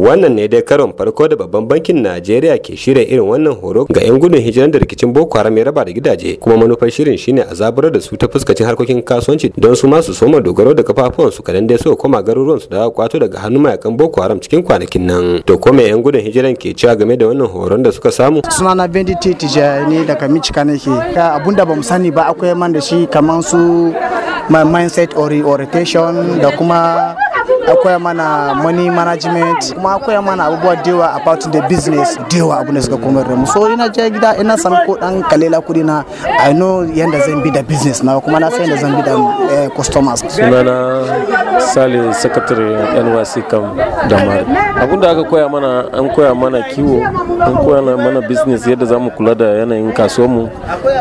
wannan ne dai karon farko da babban bankin najeriya ke shirya irin wannan horo ga 'yan gudun hijiran da rikicin boko haram ya raba da gidaje kuma manufar shirin shine a zaburar da su ta fuskacin harkokin kasuwanci don su masu soma dogaro da kafafuwan su kadan dai suka koma garuruwan su da kwato daga hannun mayakan boko haram cikin kwanakin nan to ko me 'yan gudun hijiran ke cewa game da wannan horon da suka samu suna sunana bendit ne daga michigan nake abunda bamu sani ba akwai man da shi kaman su mindset orientation da kuma akwai mana money management kuma akwai mana abubuwa dewa about the business dewa abu ne suka komar da mu so ina je gida ina san ko dan kalela kudi na i know yanda zan bi da business na kuma na san yanda zan bi da eh, customers sunana sale secretary NYC kam damar abinda aka koya mana an koya mana kiwo an koya mana business yadda za mu kula da yanayin mu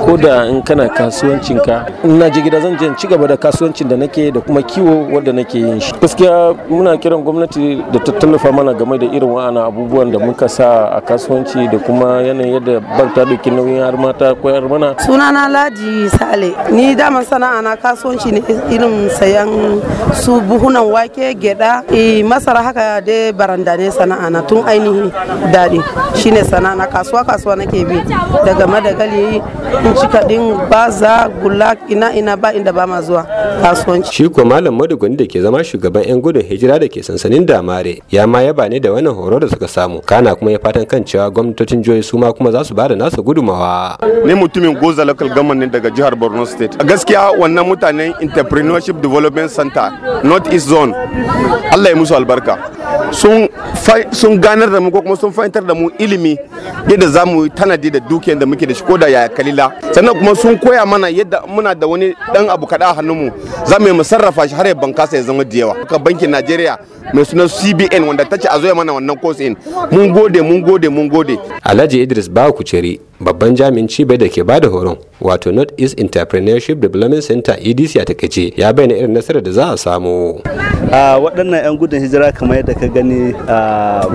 ko da in kana kasuwancinka ina na je gida zan je ci gaba da kasuwancin da nake da kuma kiwo wanda nake yin shi gaskiya muna kiran gwamnati da ta tallafa mana game da irin wa'ana abubuwan da muka sa a kasuwanci da kuma yanayin yadda bar ta dauki nauyin har mata koyar mana sunana laji sale ni dama sana'a na kasuwanci ne irin sayan su buhunan wake gyada eh, masara haka da baranda ne sana'a na tun ainihi daɗi shine sana'a na kasuwa kasuwa nake bi daga madagali in cika din baza gulak ina ina ba inda ba ma zuwa kasuwanci shi ko malam madugun da ke zama shugaban yan gudun gudun hijira da ke sansanin damare ya ma yaba ne da wannan horo da suka samu kana kuma ya fatan kan cewa gwamnatocin jihohi su ma kuma za su bada nasu gudumawa ne mutumin goza local government ne daga jihar borno state a gaskiya wannan mutanen entrepreneurship development center north east zone allah ya musu albarka sun ganar da mu ko kuma sun fahimtar da mu ilimi yadda za mu tanadi da dukiyar da muke da shi ko da yaya kalila sannan kuma sun koya mana yadda muna da wani dan abu kaɗa a hannunmu za mu yi mu sarrafa shi har ya bankasa ya zama da yawa bankin najeriya mai suna cbn wanda ta ce a zoye mana wannan course in mun gode mun gode mun gode alhaji idris ba kuceri babban jami'in cibiyar da ke bada horon wato north east entrepreneurship development center edc a takaice ya bayyana irin nasarar da za a samu a waɗannan 'yan gudun hijira kamar yadda ka gani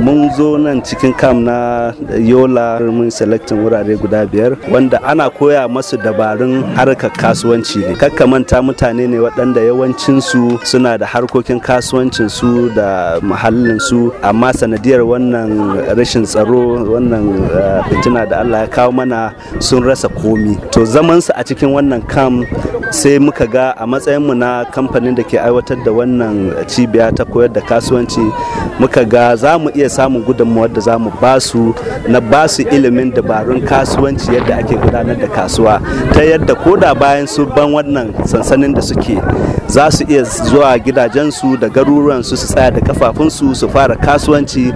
mun zo nan cikin kam na yola mun selectin wurare guda biyar wanda ana koya masu dabarun harkar kasuwanci ne kakkamanta mutane ne waɗanda yawancinsu suna da harkokin kasuwancinsu da muhallinsu amma sanadiyar wannan rashin tsaro wannan fitina da allah ya kawo mana sun rasa komi zaman zamansu a cikin wannan kam sai muka ga a matsayinmu na kamfanin da ke aiwatar da wannan cibiya ta koyar da kasuwanci muka ga za mu iya samun gudunmuwar da za mu basu na basu ilimin dabarun kasuwanci yadda ake gudanar da kasuwa ta yadda koda bayan su ban wannan sansanin da suke za su iya zuwa gidajensu da garuruwansu su tsaya da kafafunsu su fara kasuwanci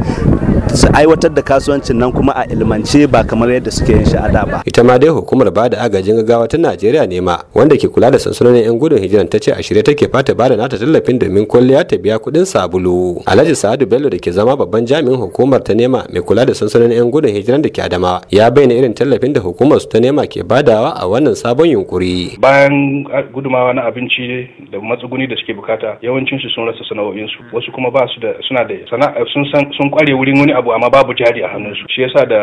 su aiwatar da kasuwancin nan kuma a ilmance ba kamar yadda suke yin sha'ada ba ita ma dai hukumar ba da agajin gaggawa ta najeriya ne ma wanda ke kula da sansanonin 'yan gudun hijiran ta ce a shirye take fata bada nata tallafin domin kwalliya ta biya kudin sabulu. Alhaji Sa'adu Bello da ke zama babban jami'in hukumar ta nema mai kula da sansanonin 'yan gudun hijiran da ke adama ya bayyana irin tallafin da hukumar su ta nema ke badawa a wannan sabon yunkuri. Bayan ah, gudumawa na abinci da matsuguni da suke bukata yawancin su sun rasa sana'o'insu wasu kuma ba su da suna da sana'a sun kware wurin wani abu amma babu jari a hannunsu shi yasa da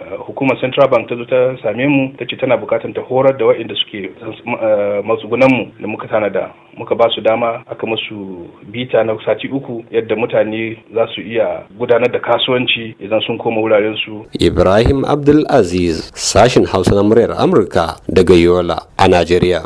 Eh, hukumar central bank ta zo ta same mu ta ce tana bukatar ta horar da waɗanda suke eh, matsugunan mu da muka tana da muka ba su dama aka musu bita na sati uku yadda mutane za su iya gudanar da kasuwanci idan sun koma wuraren su ibrahim abdulaziz sashin hausa na muryar amurka daga yola a najeriya